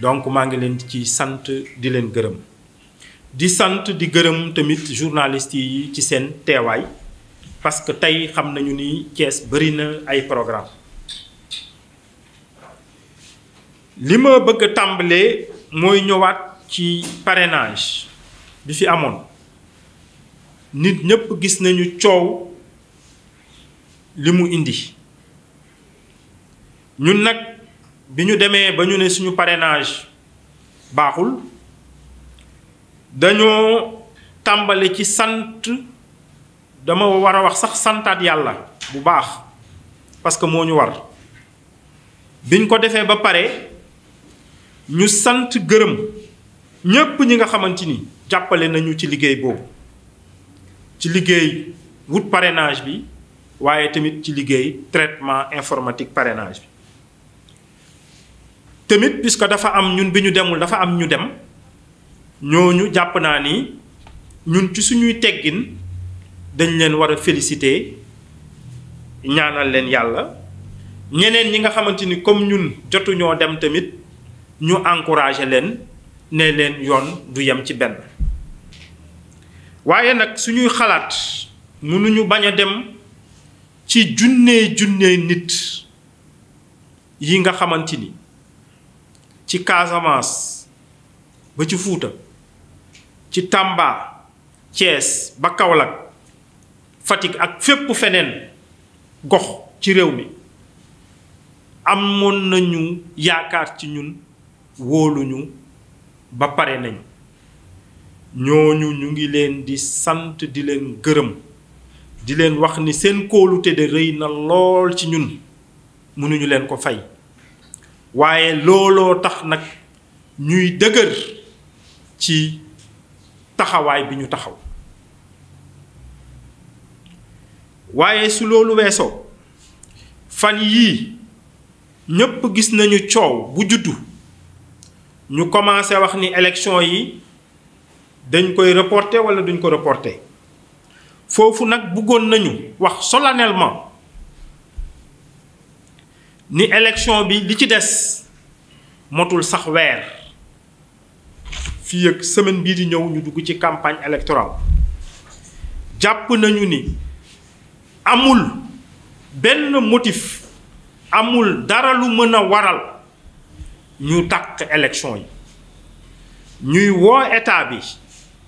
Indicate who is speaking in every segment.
Speaker 1: donc maa ngi leen ci sant di leen gërëm di sant di gërëm tamit journalistes yi ci seen teewaay parce que tey xam nañu ni Thiès bëri na ay programme li ma bëgg a tàmbalee mooy ñëwaat ci parenage bi fi amoon nit ñépp gis nañu coow li mu indi ñun nag bi ñu demee ba ñu ne suñu parrainage baaxul dañoo tàmbali ci sant dama war a wax sax santaat yàlla bu baax parce que moo ñu war biñ ko defee ba pare ñu sant gërëm ñépp ñi nga xamante ni jàppale nañu ci liggéey boobu ci liggéey wut parrainage bi waaye tamit ci liggéey traitement informatique parrainage bi tamit puisque dafa am ñun bi ñu demul dafa am ñu dem ñoo ñu jàpp naa ni ñun ci suñuy teggin dañ leen war a féliciter ñaanal leen yàlla ñeneen ñi nga xamante ni comme ñun jotuñoo dem tamit ñu encourager leen ne leen yoon du yem ci benn waaye nag suñuy xalaat mënuñu bañ a dem ci junnee junnee nit yi nga xamante ni ci Casamance ba ci Fuuta ci Tamba cees ba Kaolack Fatick ak fépp feneen gox ci réew mi amoon nañu yaakaar ci ñun wóoluñu ba pare nañ ñooñu ñu ngi leen di sant di leen gërëm di leen wax ni seen kóolute de rëy na lool ci ñun mënuñu leen ko fay waaye looloo tax nag ñuy dëgër ci taxawaay bi ñu taxaw waaye su loolu weesoo fan yii ñépp gis nañu coow bu juddu ñu commencé wax ni élection yi dañ koy reporter wala dañ ko reporter foofu nag buggoon nañu wax solennellement ni élection bi li ci des motul sax weer fii ak semaine bii di ñëw ñu dugg ci campagne électorale jàpp nañu ni amul benn motif amul dara lu mën a waral ñu tàkk élection yi ñuy woo état bi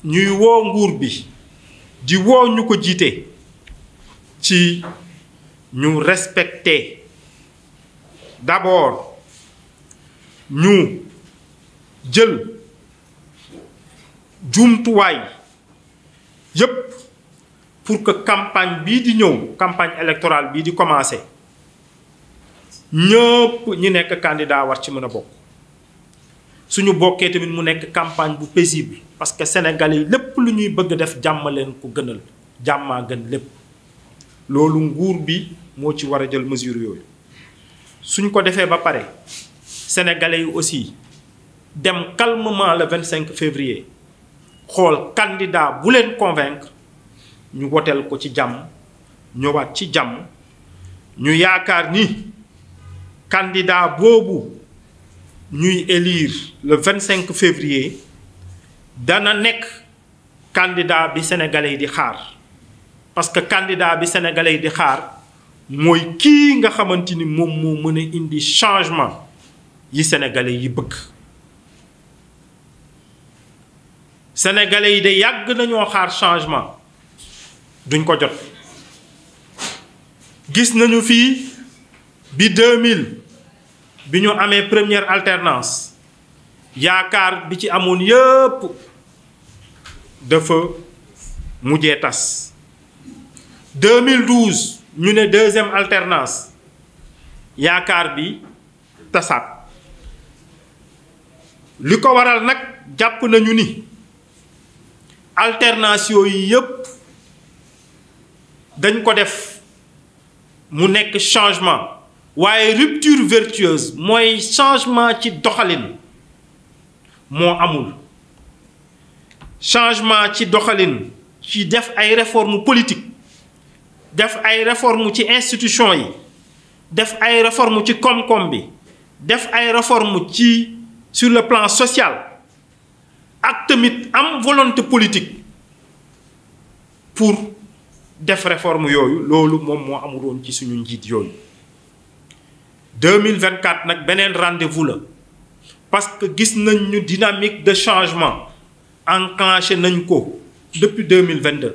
Speaker 1: ñuy woo nguur bi di woo ñu ko jiite ci ñu respecter d'abord ñu jël jumtuwaay yépp pour que campagne bii di ñëw campagne électorale bii di commencer ñëpp ñi nekk kandidaa war ci mën a bokk suñu bokkee tamit mu nekk campagne bu bi parce que Sénégalais yi lépp lu ñuy bëgg def jàmmaleen ko gënal jàmmaa gën lépp loolu nguur bi moo ci war a jël mesure yooyu suñ ko defee ba pare sénégalais yi aussi dem calmement le 25 février xool kandidaa buleen leen ñu woteel ko ci jàmm ñëwaat ci jàmm ñu yaakaar ni candidat boobu ñuy élire le 25 février dana nekk candidat bi sénégalais yi di xaar parce que candidat bi sénégalais yi di xaar. mooy kii nga xamante ni moom moo mën a indi changement yi sénégalais yi bëgg sénégalais yi de yàgg nañoo xaar changement duñ ko jot gis nañu fii bi 2000 bi ñu amee première alternance yaakaar bi ci amoon yépp dafa mujjee tas 2012 ñu ne deuxième alternance yaakaar bi tasaat li ko waral nag jàpp nañu ni alternance yooyu yëpp dañ ko def mu nekk changement waaye rupture vertueuse mooy changement ci doxalin moo amul changement ci doxalin ci def ay réformes politiques def ay réforme ci institution yi def ay réforme ci koom-koom bi def ay réforme ci sur le plan social ak tamit am volonté politique pour def réforme yooyu loolu moom moo amul woon ci suñu njiit yooyu 2024 nag beneen rendez-vous la parce que gis nañ ñu dynamique de changement enclenché nañ ko depuis 2022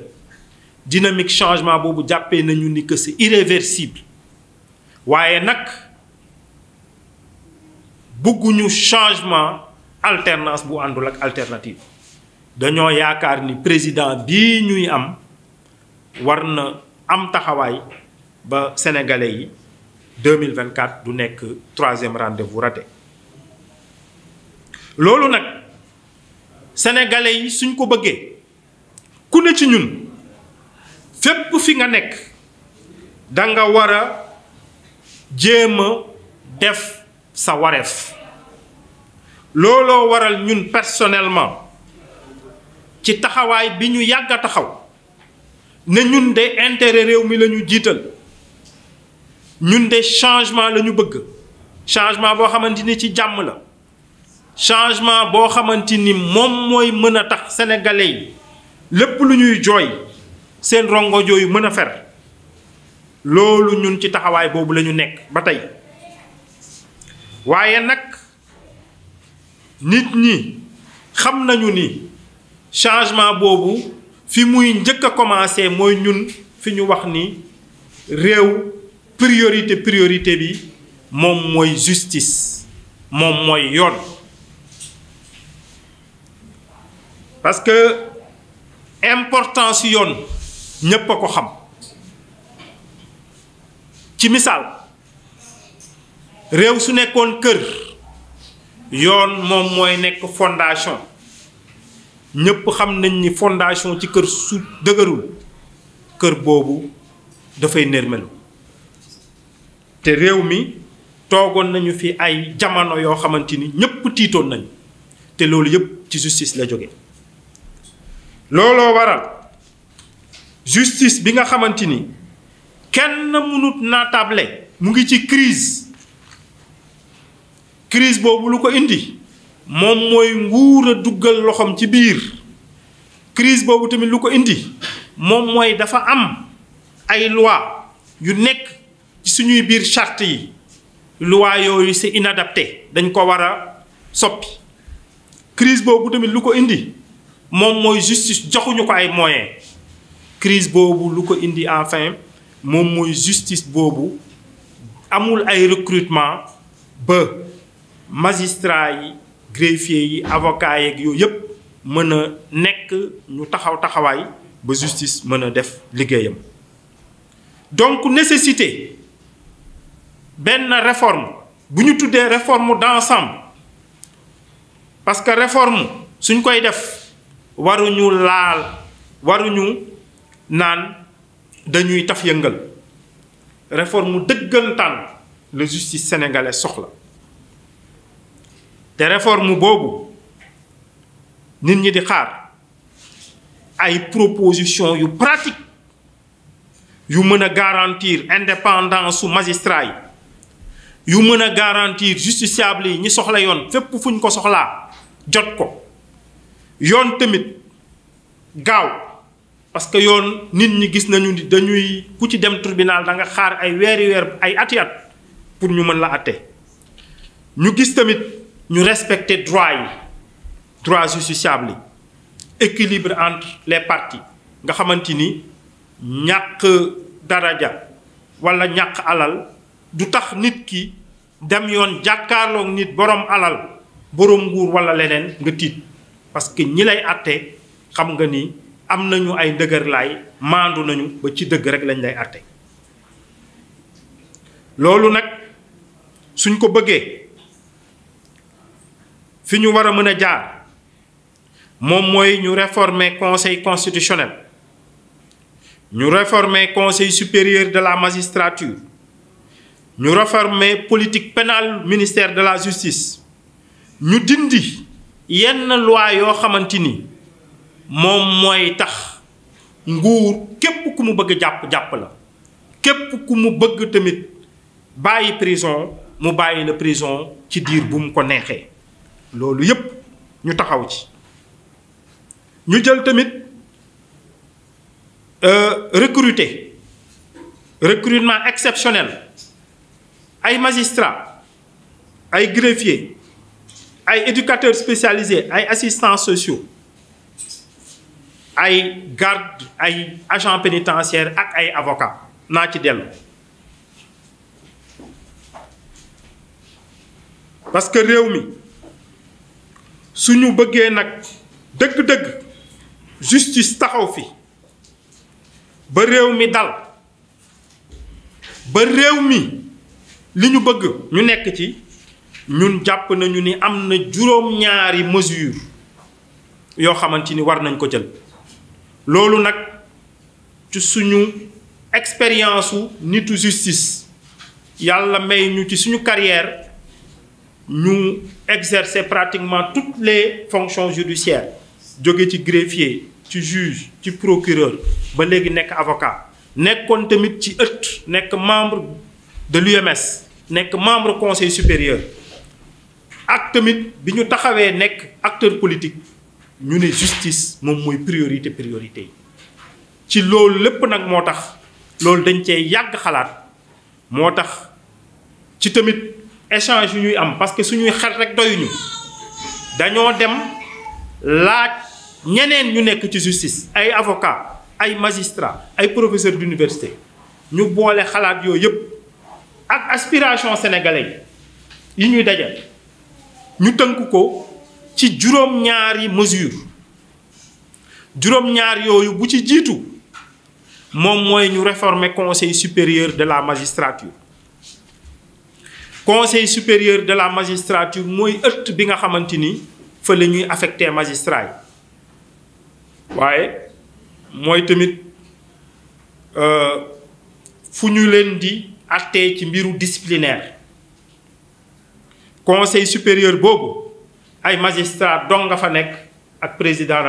Speaker 1: dynamique changement boobu jàppee nañu ni que c'est irréversible waaye nag bëgguñu changement alternance bu àndul ak alternative dañoo yaakaar ni président bi ñuy am war na am taxawaay ba sénégalais yi 2024 du nekk troisième rendez-vous raté loolu nag sénégalais yi suñ ko bëggee ku ne ci ñun fépp fi nga nekk danga nga war a jéem def sa wareef looloo waral ñun personnellement ci taxawaay bi ñu yàgg a taxaw ne ñun de intérêt réew mi lañu jiital ñun de changement la ñu bëgg changement boo xamante ni ci jàmm la changement boo xamante ni moom mooy mën a tax sénégalais yi lépp lu ñuy jooy. seen rongo jooyu mën a fer loolu ñun ci taxawaay boobu la ñu nekk ba tey waaye nag nit ñi xam nañu ni changement boobu fi muy njëkk a commencé mooy ñun fi ñu wax ni réew priorité priorité bi moom mooy justice moom mooy yoon parce que importance yoon ñépp a ko xam ci misaal réew su nekkoon kër yoon moom mooy nekk fondation ñépp xam nañ ni fondation ci kër su dëgërul kër boobu dafay nërmelu te réew mi toogoon nañu fi ay jamono yoo xamante ni ñépp tiitoon nañu te loolu yépp ci justice la jóge looloo waral justice bi nga xamante ni kenn mënut naa table mu ngi ci crise crise boobu lu ko indi moom mooy nguur a duggal loxoom ci biir crise boobu tamit lu ko indi moom mooy dafa am ay loi yu nekk ci suñuy biir charte yi loi yooyu c'est inadapté dañ ko war a soppi crise boobu tamit lu ko indi moom mooy justice joxuñu ko ay moyens crise boobu lu ko indi enfin moom mooy justice boobu amul ay recrutement ba magistrat yi greffier yi avocat yeeg yooyu yëpp mën a nekk ñu taxaw taxawaay ba justice mën a def liggéeyam donc nécessité benn reforme bu ñu tuddee réforme d'ensemble parce que réforme suñ koy def waruñu laal waruñu naan dañuy taf yëngal réforme dëggantaan la justice sénégalaise soxla te réforme boobu nit ñi di xaar ay proposition yu pratique yu mën a garantir indépendance su magistrat yi yu mën a garantir justiciable yi ñi soxla yoon fépp fuñ ko soxlaa jot ko yoon tamit gaaw parce que yoon nit ñi gis nañu ni dañuy ku ci dem tribunal da nga xaar ay weeri weer ay ati at pour ñu mën la atte ñu gis tamit ñu respecter droit yi droit justiciable yi équilibre entre les parties nga xamante ni ñàkk daraja walla ñàkk alal du tax nit ki dem yoon jàkkaarloog nit boroom alal boroom nguur walla leneen nga tiit parce que ñi lay atte xam nga ni am nañu ay ndëgërlaay maandu nañu ba ci dëgg rek lañu lay àtte loolu nag suñ ko bëggee fi ñu war a mën a jaar moom mooy ñu réformer conseil constitutionnel ñu réformer conseil supérieur de la magistrature ñu réformer politique pénale ministère de la justice ñu dindi yenn loi yoo xamante ni moom mooy tax nguur képp ku mu bëgg jàpp jàpp la képp ku mu bëgg tamit bàyyi prison mu bàyyi la prison ci diir bu mu ko neexee loolu yépp ñu taxaw ci ñu jël tamit euh, recruter recruitement exceptionnel ay magistrats ay greffiers ay éducateurs spécialisés ay assistants sociaux ay garde ay agent pénitentiaire ak ay avocat naa ci dellu parce que réew mi su ñu bëggee nag dëgg-dëgg justice taxaw fi ba réew mi dal ba réew mi li ñu bëgg ñu nekk ci ñun jàpp nañu ni am na juróom-ñaari mesure yoo xamante ni war nañ ko jël loolu nag ci suñu expérience u nitu justice yàlla may ñu ci suñu carrière ñu exercer pratiquement toutes les fonctions judiciaires jóge ci greffier ci juge ci procureur ba léegi nekk avocat nekkoon tamit ci ëtt nekk membre de l'UMS nekk membre conseil supérieur ak tamit bi ñu taxawee nekk acteur politique ñu ne justice moom mooy priorité priorité yi ci loolu lépp nag moo tax loolu dañ cee yàgg xalaat moo tax ci tamit échange yu ñuy am parce que suñuy xel rek doyuñu dañoo dem laaj ñeneen ñu nekk ci justice ay avocat ay magistrat ay professeur d'université ñu boole xalaat yooyu yëpp ak aspiration sénégalais yi ñuy dajal ñu tënk ko ci juróom-ñaari mesure juróom-ñaar yooyu bu ci jiitu moom mooy ñu réformer conseil supérieur de la magistrature conseil supérieur de la magistrature mooy ëtt bi nga xamante ni fa la ñuy affecté magistrat waaye mooy tamit euh, fu ñu leen di attee ci mbiru disciplinaire conseil supérieur boobu ay magistrat dong nga fa nekk ak président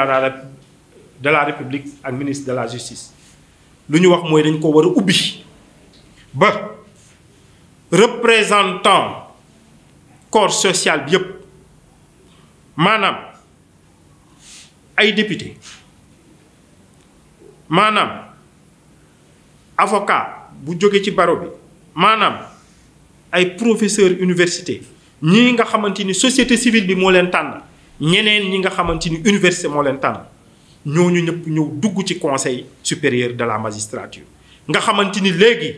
Speaker 1: de la république ak ministre de la justice lu ñu wax mooy dañ ko war a ubbi ba représentant corps social bi yëpp maanaam ay député maanaam avocat bu jóge ci baro bi maanaam ay professeur université ñii nga xamante ni société civile bi moo leen tànn ñeneen ñi nga xamante ni université moo leen tànn ñooñu ñëpp ñëw dugg ci conseil supérieur de la magistrature. nga xamante ni léegi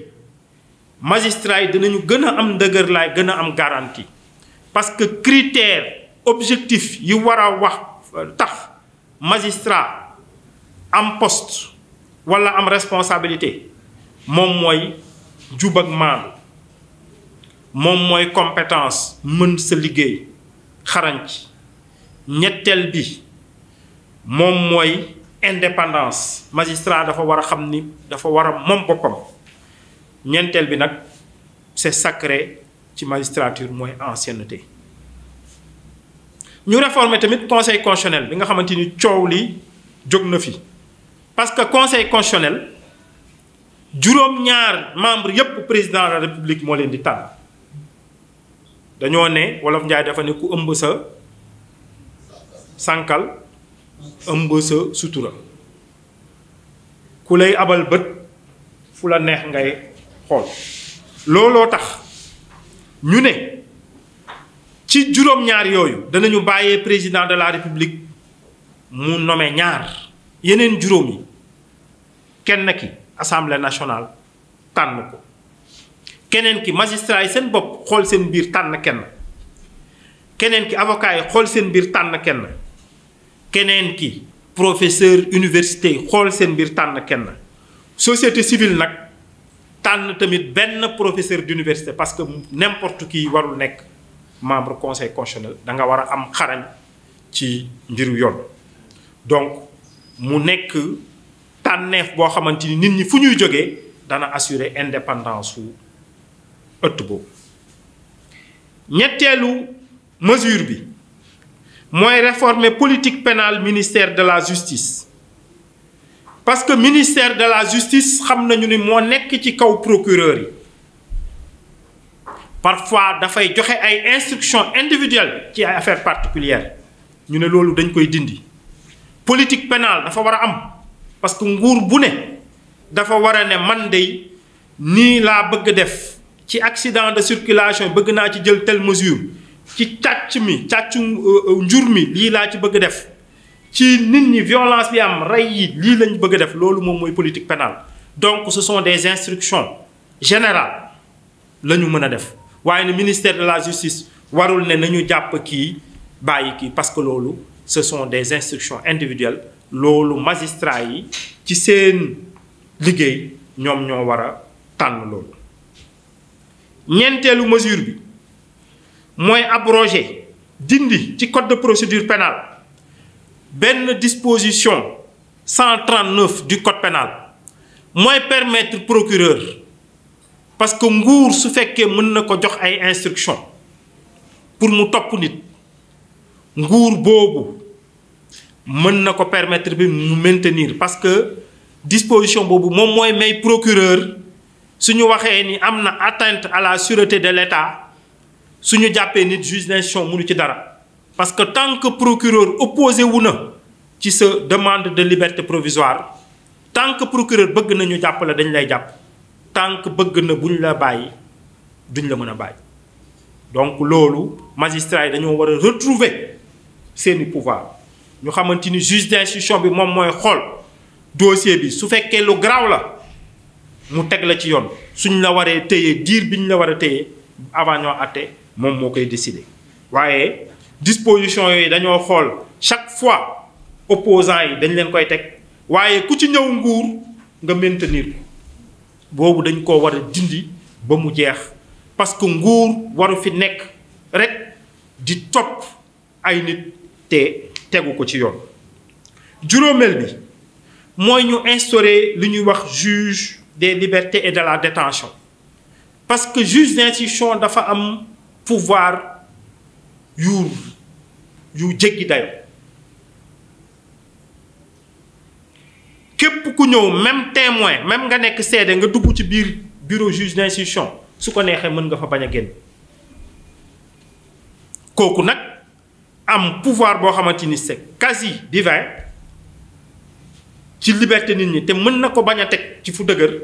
Speaker 1: magistrats yi dinañu gën a am ndëgër lay gën a am garantie parce que critère objectif yi war a wax tax magistrat am poste walla am responsabilité moom mooy jub ak moom mooy compétence mën sa liggéey xarañ ci ñetteel bi moom mooy indépendance magistrat dafa war a xam ni dafa war a moom boppam ñeenteel bi nag c'est sacré ci magistrature mooy ancienneté ñu réformer tamit conseil constitutionnel bi nga xamante ni coow li jóg na fi parce que conseil constitutionnel juróom-ñaar membre yépp président la république moo leen di tànn dañoo ne wolof njaay dafa ne ku ëmb sa sànkal ëmb sa sutura ku lay abal bët fu la neex ngay xool looloo tax ñu ne ci juróom-ñaar yooyu danañu bàyyee président de la république mu nome ñaar yeneen juróom yi kenn ki assemblée nationale tànn ko keneen ki magistrat yi seen bopp xool seen biir tànn kenn keneen ki avocat yi xool seen biir tànn kenn keneen ki professeur université yi xool seen biir tànn kenn société civile nag tànn tamit benn professeur d'université parce que n'importe qui warul nekk membre conseil constitutionnel da nga war a am xarañ ci mbiru yoon donc mu nekk tànneef boo xamante ni nit ñi fu ñuy jógee dana assurer indépendance su ëtt boobu ñetteelu mesure bi mooy réformer politique pénale ministère de la justice parce que ministère de la justice xam nañu ni moo nekk ci kaw procureur yi parfois dafay joxe ay instructions individuelles ci affaire affaires ñu ne loolu dañ koy dindi politique pénale dafa war a am parce que nguur bu ne dafa war a ne man dey nii laa bëgg def ci accident de circulation bëgg naa ci jël telle mesure ci càcc mi càccu euh, euh, njur mi lii laa ci bëgg def ci nit ñi violence bi am rey yi lii lañ bëgg def loolu moom mooy politique pénale donc ce son des instructions général la ñu mën a def waaye ne ministère de la justice warul ne nañu jàpp kii bàyyi kii parce que loolu ce sont des instructions individuelles loolu magistrat yi ci seen liggéey ñoom ñoo war a tànn loolu ñeenteelu mesure bi mooy abroger dindi ci code de procédure pénale benn disposition 139 du code pénal mooy permettre procureur parce que nguur su fekkee mën na ko jox ay instruction pour mu topp nit nguur boobu mën na ko permettre bi mu maintenir parce que disposition boobu moom mooy may procureur suñu waxee ni am na atteinte à la sûreté de l'État suñu jàppee nit juge d'instruction mënu ci dara parce que tant que procureur opposé wu na ci sa demande de liberté provisoire tant que procureur bëgg na ñu jàpp la dañ lay jàpp tant que bëgg na bu ñu la bàyyi duñ la mën a bàyyi donc loolu magistrat yi dañoo war a retrouver seeni pouvoir ñu xamante ni juge d'instruction bi moom mooy xool dossier bi su fekkee lu garaaw la mu teg la ci yoon suñ la waree téye diir bi ñu la war a téye avant ñoo àtte moom moo koy décider waaye disposition yooyu dañoo xool chaque fois opposants yi dañ leen koy teg waaye ku ci ñëw nguur nga maintenir ko boobu dañ ko war a dindi ba mu jeex parce que nguur waru fi nekk rek di topp ay nit te tegu ko ci yoon juróomeel bi mooy ñu instaurer li ñuy wax juge des liberté et de la détention parce que juge d'instruction dafa am pouvoir yu yu jéggi dayo képp ku ñëw même témoin même nga nekk seede nga dugg ci biir bureau juge d'instruction su ko neexee mën nga fa bañ a génn kooku nag am pouvoir boo xamante ni c'est quasi divin ci liberté nit ñi te mën na ko bañ a teg ci fu dëgër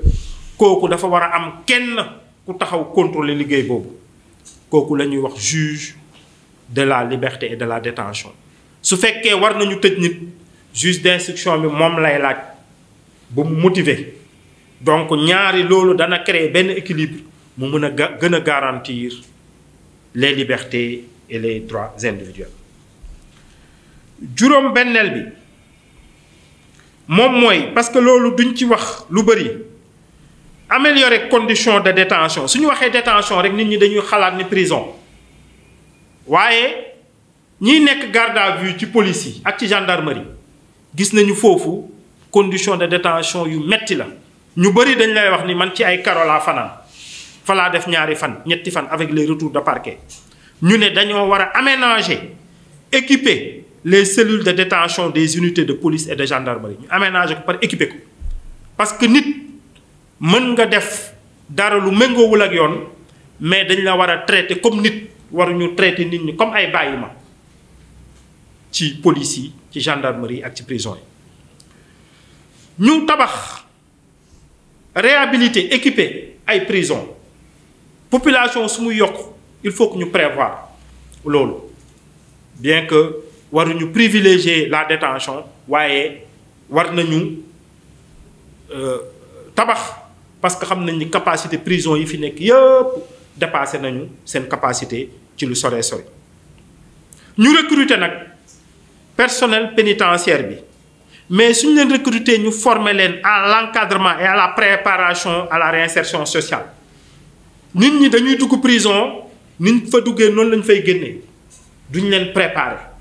Speaker 1: kooku dafa war a am kenn ku taxaw contrôler liggéey boobu kooku la ñuy wax juge de la liberté et de la détention su fekkee war nañu tëj nit juge d'instruction bi moom lay laaj bu mu motiver donc ñaari loolu dana créer benn équilibre mu mën a gën a garantir les libertés et les droits individuels juróom benneel bi moom mooy parce que loolu duñ ci wax lu bëri améliorer condition de détention suñu waxee détention rek nit ñi dañuy xalaat ni prison waaye ñiy nekk garde à ci police yi ak ci gendarmerie gis nañu foofu condition de détention yu metti la ñu bëri dañ lay wax ni man ci ay karo laa fanaan fa def ñaari fan ñetti fan avec les retour de parquet ñu ne dañoo war a aménager équiper les cellules de détention des unités de police et de gendarmerie ñu aménagé ko par équipé ko parce que nit mën nga def dara lu méngoowul ak yoon mais dañ la war a traité comme nit waruñu traité nit ñi comme ay bàyyi ma ci police yi ci gendarmerie ak ci prison yi ñu tabax réabilité équipe ay prison population su mu yokk il faut que ñu prévoir loolu bien que waruñu privilégier la détention waaye war nañu euh, tabax parce que xam nañ ni capacité prison yi fi nekk yëpp dépassé nañu seen capacité ci lu sore sore ñu recruter nag personnel pénitentiaire bi mais suñu leen recruter ñu former leen à l'encadrement et à la préparation à la réinsertion sociale nit ñi dañuy dugg prison niñ fa duggee noonu lañ fay génnee duñ leen préparer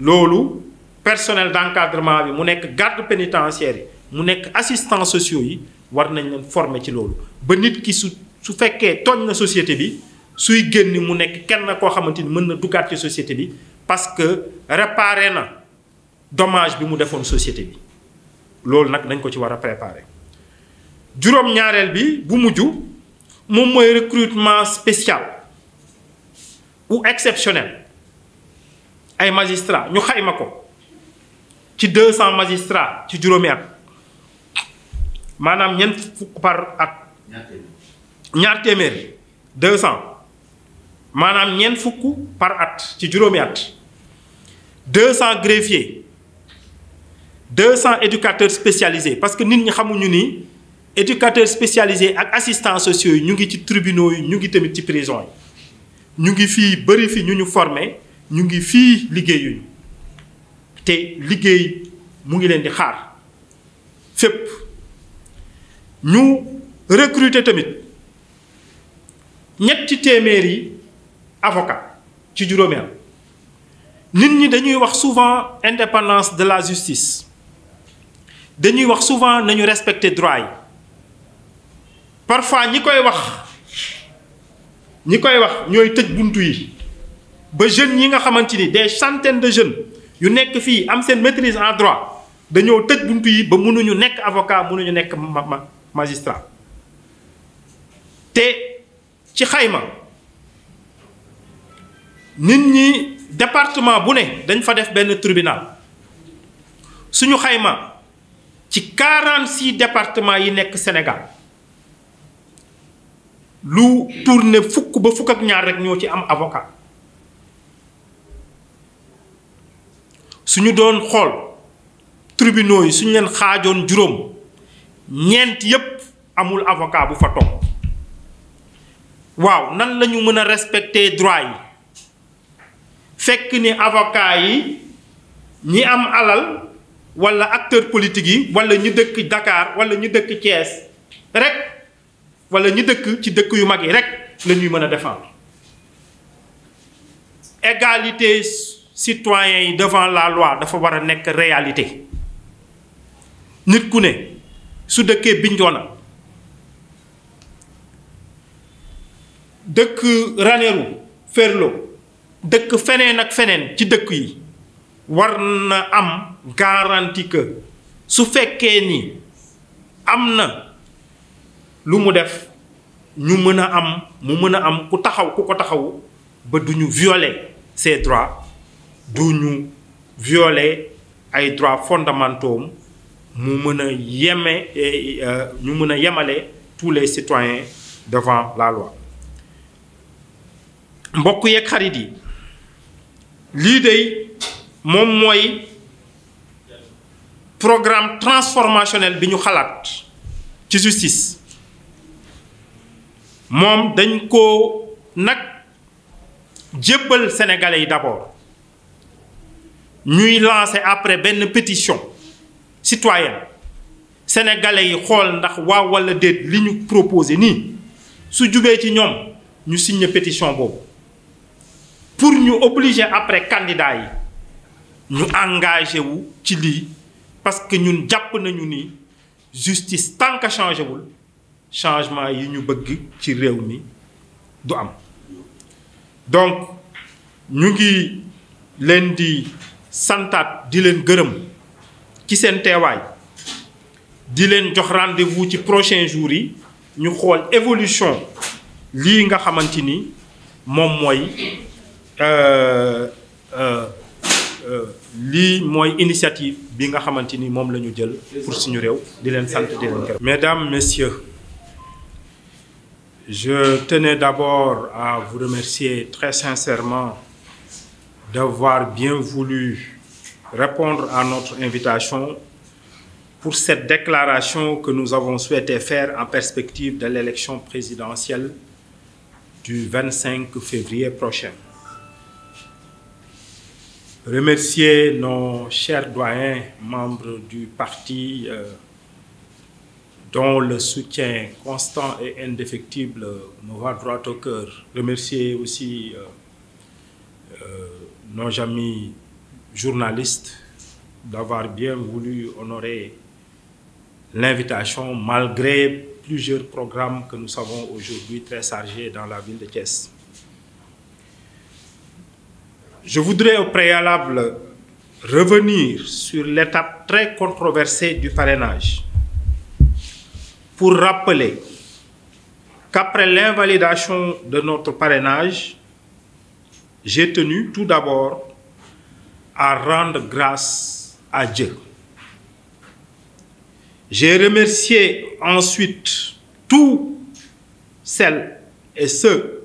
Speaker 1: loolu personnel d'encadrement bi mu nekk garde pénitentiaire yi mu nekk assistants sociaux yi war nañ leen former ci loolu ba nit ki su su fekkee tooñ na société bi suy génn mu nekk kenn koo xamante ni mën na duggaat ci société bi parce que réparé na domage bi mu defoon société bi loolu nag dañ ko ci war a préparer juróom-ñaareel bi bu mujj moom mooy recrutement spécial ou exceptionnel ay magistrats ñu xayma ko ci deux cent magistrats ci juróomi at maanaam ñeent fukk par at ñaar téeméer deux cent maanaam ñeent fukk par at ci juróomi at deux cent greffiers deux cent éducateurs spécialisés parce que nit ñi xamuñu ni éducateurs spécialisés ak assistants sociaux yi ñu ngi ci tribunaux yi ñu ngi tamit ci prison yi ñu ngi fii bëri fi ñu ñu formé ñu ngi fii liggéeyuñu te liggéey mu ngi leen di xaar fépp ñu recruter tamit ñetti téeméer yi avocat ci juróomi nit ñi dañuy wax souvent indépendance de la justice dañuy wax souvent nañu respecter droit yi parfois ñi koy wax ñi koy wax ñooy tëj bunt yi ba jeunes yi nga xamante ni des centaines de jeunes yu nekk fii am seen maîtrise en droit dañoo tëj buntu yi ba mënuñu nekk avocat mënuñu nekk magistrat te ci xayma nit ñi département bu ne dañ fa def benn tribunal suñu xayma ci 46 départements yi nekk Sénégal lu tourné fukk ba fukk ak ñaar rek ñoo ci am avocat suñu doon xool tribunaux yi suñu leen xaajoon juróom ñeent yépp amul avocat bu fa toog waaw nan lañu mën a respecter droit yi fekk ni avocat yi ñi am alal walla acteur politique yi walla ñu dëkk Dakar walla ñu dëkk Thiès rek walla ñu dëkk ci dëkk yu mag yi rek lañuy mën a défendre citoyens yi devant la loi dafa war a nekk réalité nit ku ne su dëkkee na dëkk Ranérou Ferlo dëkk feneen ak feneen ci dëkk yi war na am garantie que su fekkee ni am na lu mu def ñu mën a am mu mën a am ku taxaw ku ko taxaw ba duñu violer ses droits du ñu violer ay droits fondamentaux mu mën a yeme eh, eh, ñu mën a yemale tous les citoyens devant la loi mbokk yeeg xarit yi lii dey moom mooy programme transformationnel bi ñu xalaat ci justice moom dañ ko nag jébbal sénégalais yi d'abord ñuy lancer après benn pétition citoyenne sénégale yi xool ndax waaw walla déet li ñu proposé nii su jubee ci ñoom ñu signer pétition boobu pour ñu obliger après candidat yi ñu engagé wu ci lii parce que ñun jàpp nañu ni justice tant que changé wul changement yi ñu bëgg ci réew mi du am donc ñu ngi leen di santaat di leen gërëm ci seen teewaay di leen jox rendez-vous ci prochain jours yi ñu xool évolution lii nga xamante ni moom mooy euh, euh, euh, lii mooy initiative bi nga xamante ni moom la ñu jël pour suñu réew di leen sant di leen gërëm. Mesdames, Messieurs, je tenais d'abord à vous remercier très sincèrement d'avoir bien voulu répondre à notre invitation pour cette déclaration que nous avons faire en perspective de l'élection présidentielle du 25 février prochain. Remercier nos chers doyens membres du parti euh, dont le soutien constant et indéfectible me va droit au aussi euh, euh, nos amis journalistes d'avoir bien voulu honorer l'invitation malgré plusieurs programmes que nous avons aujourd'hui très chargés dans la ville de Thiès. Je voudrais au préalable revenir sur l'étape très controversée du parrainage pour rappeler qu'après l'invalidation de notre parrainage, j'ai tenu tout d'abord à rendre grâce à Dieu. J'ai remercié ensuite tous celles et ceux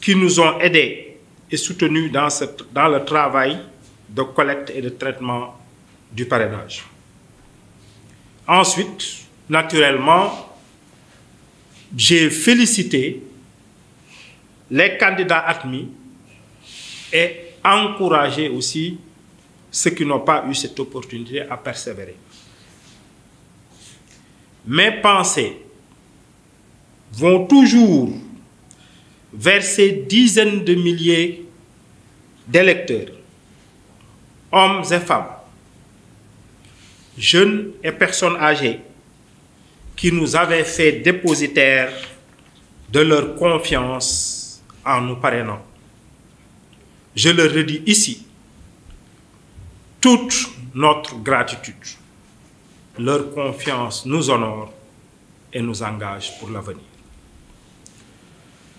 Speaker 1: qui nous ont aidés et soutenus dans, le travail de collecte et de traitement du parrainage. Ensuite, naturellement, j'ai félicité les candidats admis et encourager aussi ceux qui n'ont pas eu cette opportunité à persévérer. Mes pensées vont toujours vers ces dizaines de milliers d'électeurs, hommes et femmes, jeunes et personnes âgées, qui nous avaient fait dépositaires de leur confiance en ah, nous parrainant. Je le redis ici, toute notre gratitude, leur confiance nous honore et nous engage pour l'avenir.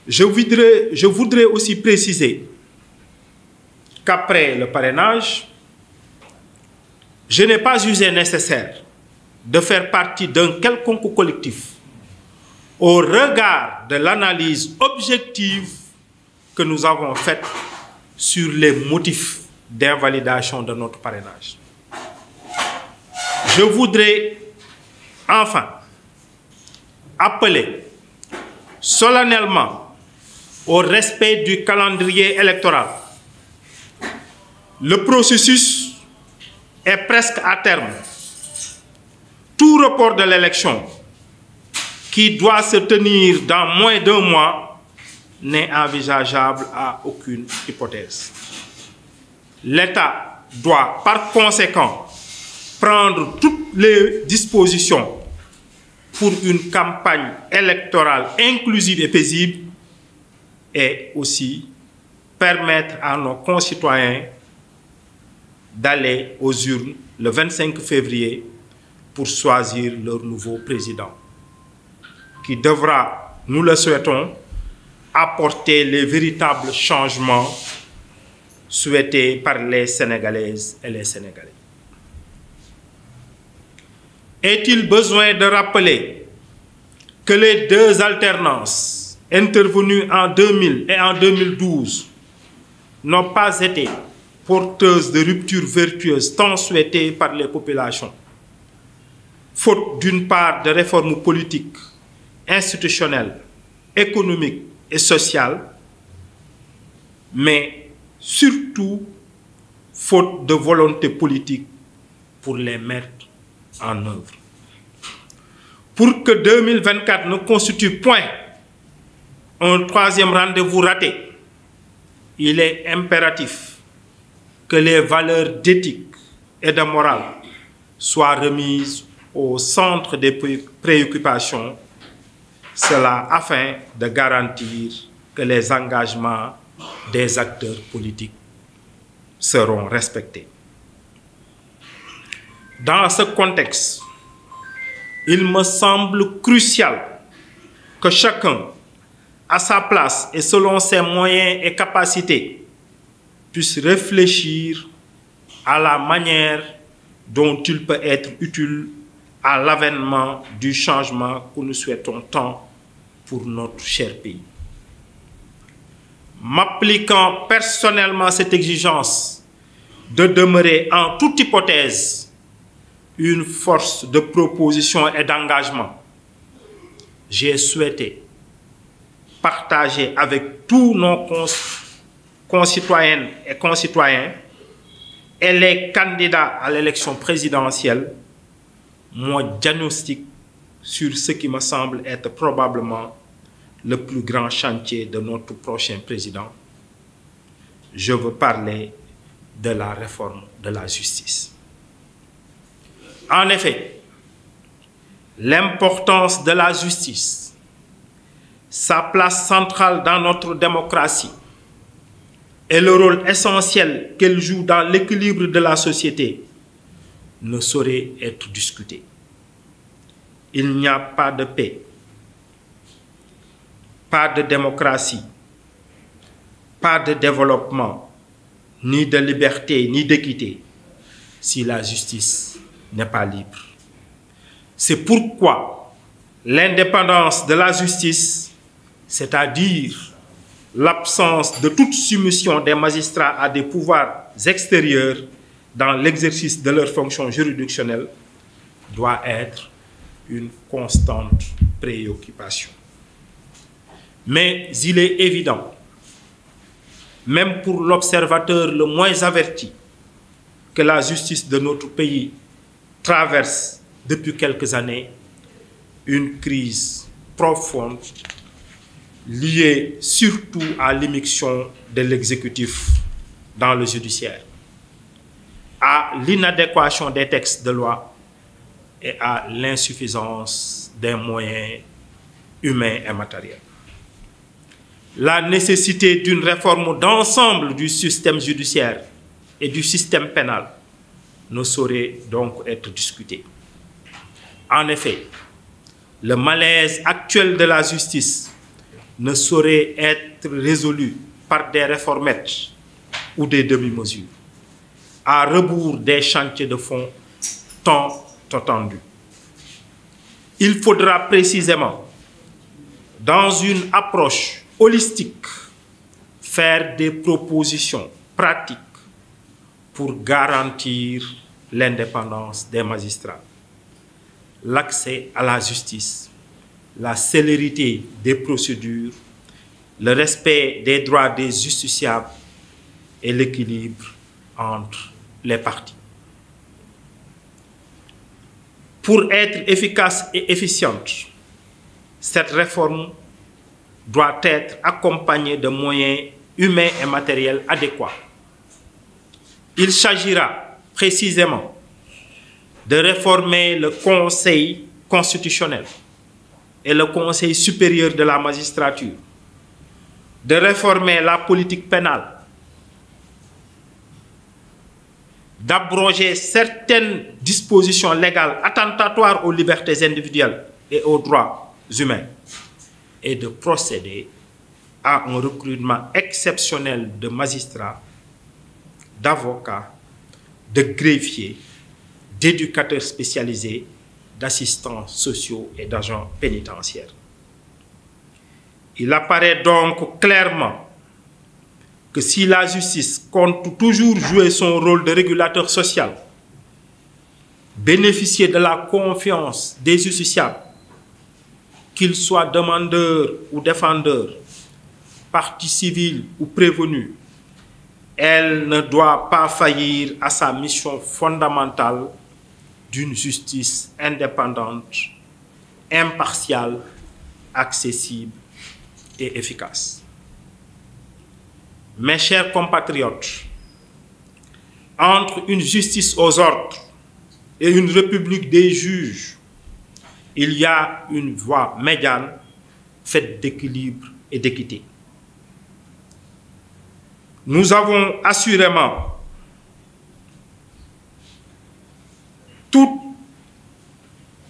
Speaker 1: Je je voudrais aussi préciser qu'après le parrainage, je n'ai pas usé nécessaire de faire partie d'un quelconque collectif au regard de l'analyse objective que nous avons faite sur les motifs d'invalidation de notre parrainage. Je voudrais enfin appeler solennellement au respect du calendrier électoral. Le processus est presque à terme. Tout report de l'élection qui doit se tenir dans moins d'un mois n'est envisageable à aucune hypothèse. L'État doit par conséquent prendre toutes les dispositions pour une campagne électorale inclusive et paisible et aussi permettre à nos concitoyens d'aller aux urnes le 25 février pour choisir leur nouveau président, qui apporter les véritables changements souhaités par les Sénégalaises et les Sénégalais. Est-il besoin de rappeler que les deux alternances intervenues en 2000 et en 2012 n'ont pas été porteuses de ruptures vertueuses tant souhaitées par les populations, faute d'une part de réformes politiques, institutionnelles, économiques et sociale, mais surtout faute de volonté politique pour les mettre en œuvre. Pour que 2024 ne constitue point un troisième rendez-vous raté, il est impératif que les valeurs d'éthique et de morale soient remises au centre des préoccupations Cela afin de garantir que les engagements des acteurs politiques seront respectés. Dans ce contexte, il me semble crucial que chacun, à sa place et selon ses moyens et capacités, puisse réfléchir à la manière dont il peut être utile à l'avènement du changement que nous souhaitons pour notre cher pays. M'appliquant personnellement cette exigence de demeurer en toute hypothèse une force de proposition et d'engagement, j'ai souhaité partager avec tous nos concitoyennes et concitoyens et les candidats à l'élection présidentielle mon diagnostic sur ce qui me semble être probablement le plus grand chantier de notre prochain président, je veux parler de la réforme de la justice. En effet, l'importance de la justice, sa place centrale dans notre démocratie et le rôle essentiel qu'elle joue dans l'équilibre de la société ne saurait être discuté. Il n'y a pas de paix pas de démocratie, pas de développement, ni de liberté, ni d'équité, si la justice n'est pas libre. C'est pourquoi l'indépendance de la justice, c'est-à-dire l'absence de toute soumission des magistrats à des pouvoirs extérieurs dans l'exercice de leurs fonctions juridictionnelles, doit être une constante préoccupation. Mais il est évident, même pour l'observateur le moins averti, que la justice de notre pays traverse depuis quelques années une crise profonde liée surtout à l'émission de l'exécutif dans le judiciaire, à l'inadéquation des textes de loi et à l'insuffisance des moyens humains et matériels. la nécessité d'une réforme d'ensemble du système judiciaire et du système pénal ne saurait donc être discutée. En effet, le malaise actuel de la justice ne saurait être résolu par des réformettes ou des demi-mesures, à rebours des chantiers de fond tant attendus. Il faudra précisément, dans une approche holistique, faire des propositions pratiques pour garantir l'indépendance des magistrats, l'accès à la justice, la célérité des procédures, le respect des droits des justiciables et l'équilibre entre les parties. Pour être efficace et efficiente, cette réforme doit être accompagné de moyens humains et matériels adéquats. Il s'agira précisément de réformer le Conseil constitutionnel et le Conseil supérieur de la magistrature, de réformer la politique pénale, d'abroger certaines dispositions légales attentatoires aux libertés individuelles et aux droits humains. est de procéder à un recrutement exceptionnel de magistrats, d'avocats, de greffiers, d'éducateurs spécialisés, d'assistants sociaux et d'agents pénitentiaires. Il apparaît donc clairement que si la justice compte toujours jouer son rôle de régulateur social, bénéficier de la confiance des justiciables qu'ils soient demandeurs ou défendeurs, partie civile ou prévenus, elle ne doit pas faillir à sa mission fondamentale d'une justice indépendante, impartiale, accessible et efficace. Mes chers compatriotes, entre une justice aux ordres et une république des juges, il y a une voie médiane faite d'équilibre et d'équité. Nous avons assurément toutes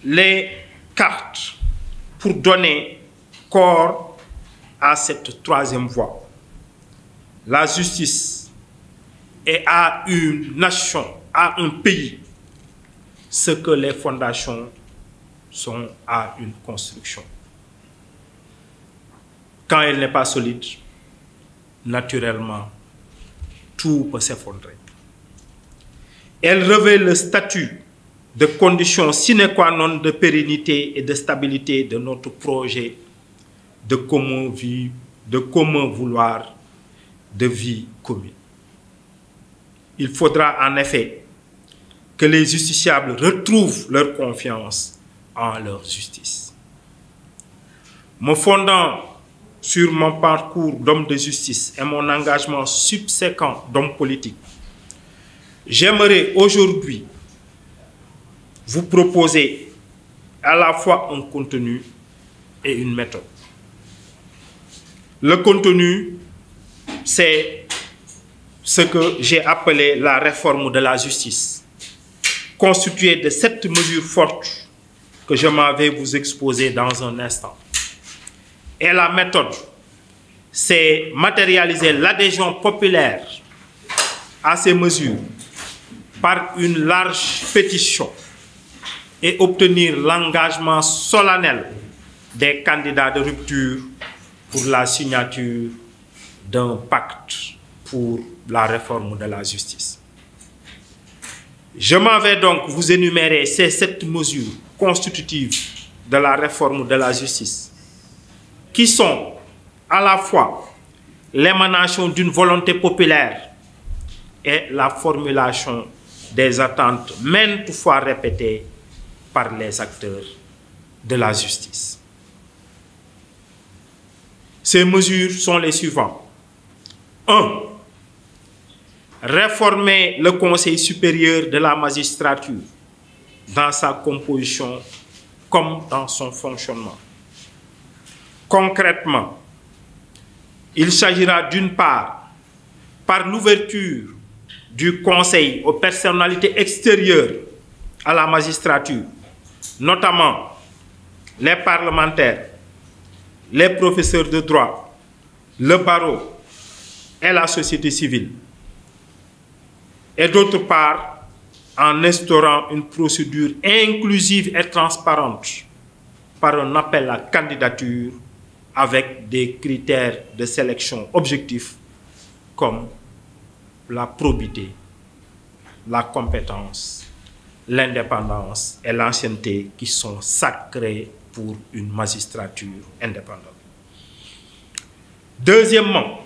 Speaker 1: les cartes pour donner corps à cette troisième voie, la justice est à une nation, à un pays, ce que les fondations à une construction. Quand elle n'est pas solide, naturellement, tout peut s'effondrer. Elle revêt le statut de condition sine qua non de pérennité et de stabilité de notre projet de commun, vie, de commun vouloir de vie commune. Il faudra en effet que les justiciables retrouvent leur confiance en leur justice. Me fondant sur mon parcours d'homme de justice et mon engagement subséquent d'homme politique, j'aimerais aujourd'hui vous proposer à la fois un contenu et une méthode. Le contenu, c'est ce que j'ai appelé la réforme de la justice, constituée de sept mesures fortes que je m'en vais vous exposer dans un instant. Et la méthode, c'est matérialiser l'adhésion populaire à ces mesures par une large pétition et obtenir l'engagement solennel des candidats de rupture pour la signature d'un pacte pour la réforme de la justice. Je m'en vais donc vous énumérer ces sept mesures constitutive de la réforme de la justice, qui sont à la fois l'émanation d'une volonté populaire et la formulation des attentes maintes fois répétées par les acteurs de la justice. Ces mesures sont les suivantes. 1. Réformer le Conseil supérieur de la magistrature dans sa composition comme dans son fonctionnement. Concrètement, il s'agira d'une part, par l'ouverture du Conseil aux personnalités extérieures à la magistrature, notamment les parlementaires, les professeurs de droit, le barreau et la société civile. Et d'autre part, en instaurant une procédure inclusive et transparente par un appel à candidature avec des critères de sélection objectifs comme la probité, la compétence, l'indépendance et l'ancienneté qui sont sacrés pour une magistrature indépendante. Deuxièmement,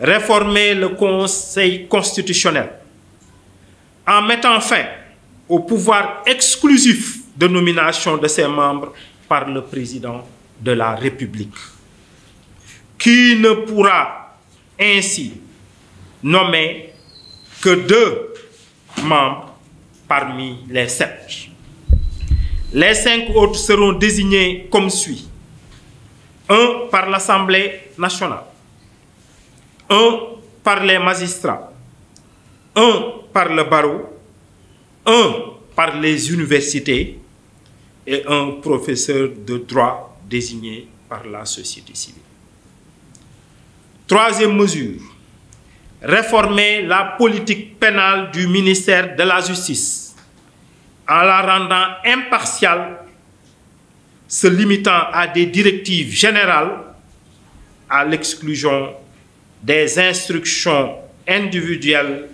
Speaker 1: réformer le Conseil constitutionnel en mettant fin au pouvoir exclusif de nomination de ses membres par le président de la République, qui ne pourra ainsi nommer que deux membres parmi les sept. Les cinq autres seront désignés comme suit. Un par l'Assemblée nationale, un par les magistrats, par le barreau, un par les universités et un professeur de droit désigné par la société civile. Troisième mesure, réformer la politique pénale du ministère de la Justice en la rendant impartiale, se limitant à des directives générales, à l'exclusion des instructions individuelles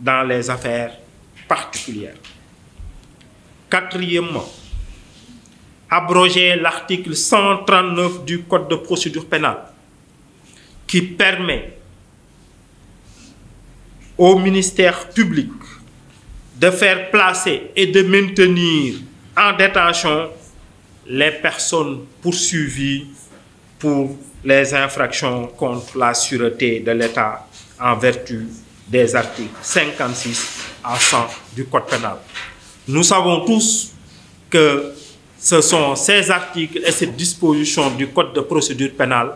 Speaker 1: dans les affaires particulières. Quatrièmement, abroger l'article 139 du Code de procédure pénale qui permet au ministère public de faire placer et de maintenir en détention les personnes poursuivies pour les infractions contre la sûreté de l'État en vertu des articles 56 à 100 du Code pénal. Nous savons tous que ce sont ces articles et cette disposition du Code de procédure pénale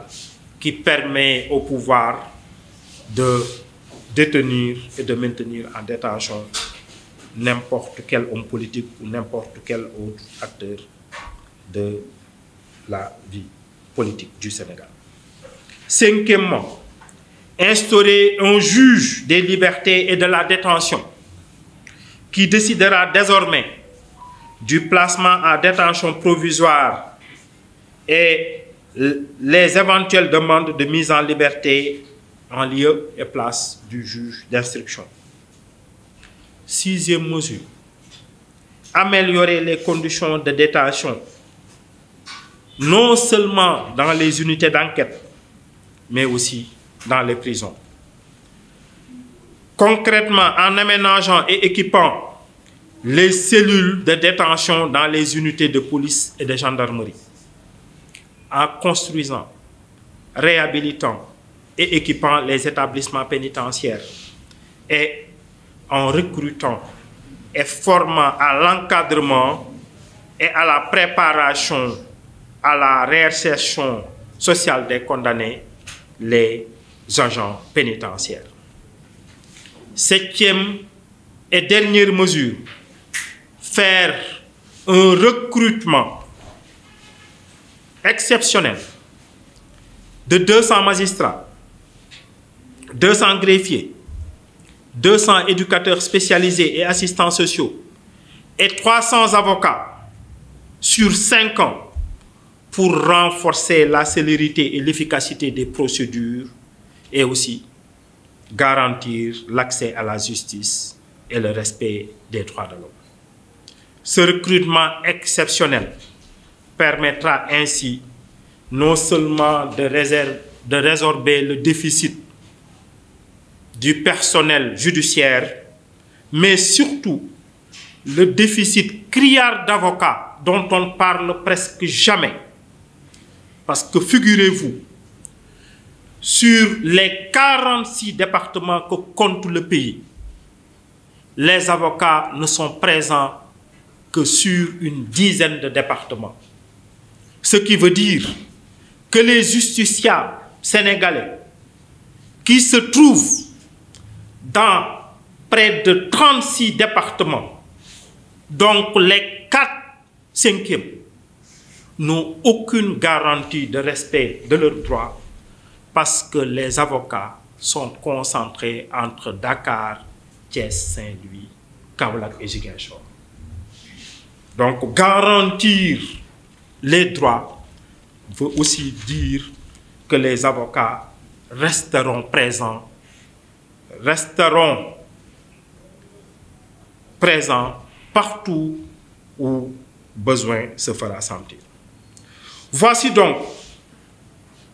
Speaker 1: qui permet au pouvoir de détenir et de maintenir en détention n'importe quel homme politique ou n'importe quel autre acteur de la vie politique du Sénégal. instaurer un juge des libertés et de la détention qui décidera désormais du placement à détention provisoire et les éventuelles demandes de mise en liberté en lieu et place du juge d'instruction. Sixième mesure, améliorer les conditions de détention, non seulement dans les unités d'enquête, mais aussi dans les prisons. Concrètement, en aménageant et équipant les cellules de détention dans les unités de police et de gendarmerie, en construisant, réhabilitant et équipant les établissements pénitentiaires et en recrutant et formant à l'encadrement et à la préparation à la réinsertion sociale des condamnés les agents pénitentiaires. Septième et dernière mesure, faire un recrutement exceptionnel de 200 magistrats, 200 greffiers, 200 éducateurs spécialisés et assistants sociaux et 300 avocats sur cinq ans pour renforcer la célérité et l'efficacité des procédures et aussi garantir l'accès à la justice et le respect des droits de l'homme. Ce recrutement exceptionnel permettra ainsi non seulement de, de résorber le déficit du personnel judiciaire, mais surtout le déficit criard d'avocats dont on ne parle presque jamais. Parce que figurez-vous sur les 46 départements que compte le pays, les avocats ne sont présents que sur une dizaine de départements. Ce qui veut dire que les justiciables sénégalais qui se trouvent dans près de 36 départements, donc les 4 cinquièmes, n'ont aucune garantie de respect de leurs droits parce que les avocats sont concentrés entre Dakar, Thiès, Saint-Louis, Kaolack et Ziguinchor. Donc garantir les droits veut aussi dire que les avocats resteront présents, resteront présents partout où besoin se fera sentir. Voici donc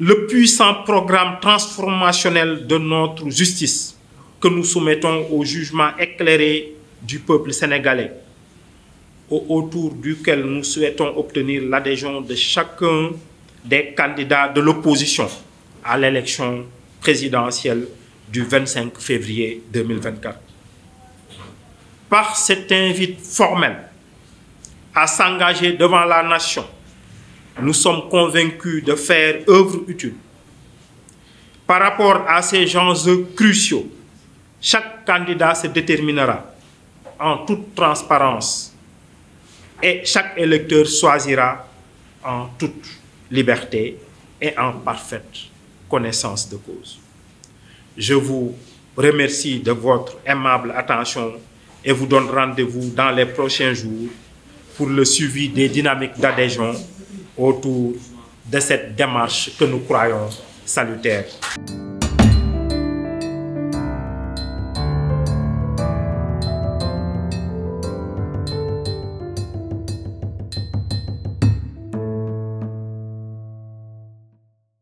Speaker 1: le puissant programme transformationnel de notre justice que nous soumettons au jugement éclairé du peuple sénégalais, autour duquel nous souhaitons obtenir l'adhésion de chacun des candidats de l'opposition à l'élection présidentielle du 25 février 2024. Par cet invite formel à s'engager devant la nation nous sommes convaincus de faire œuvre utile. Par rapport à ces enjeux cruciaux, chaque candidat se déterminera en toute transparence et chaque électeur choisira en toute liberté et en parfaite connaissance de cause. Je vous remercie de votre aimable attention et vous donne rendez-vous dans les prochains jours pour le suivi des dynamiques d'adhésion autour de cette démarche que nous croyons salutaire.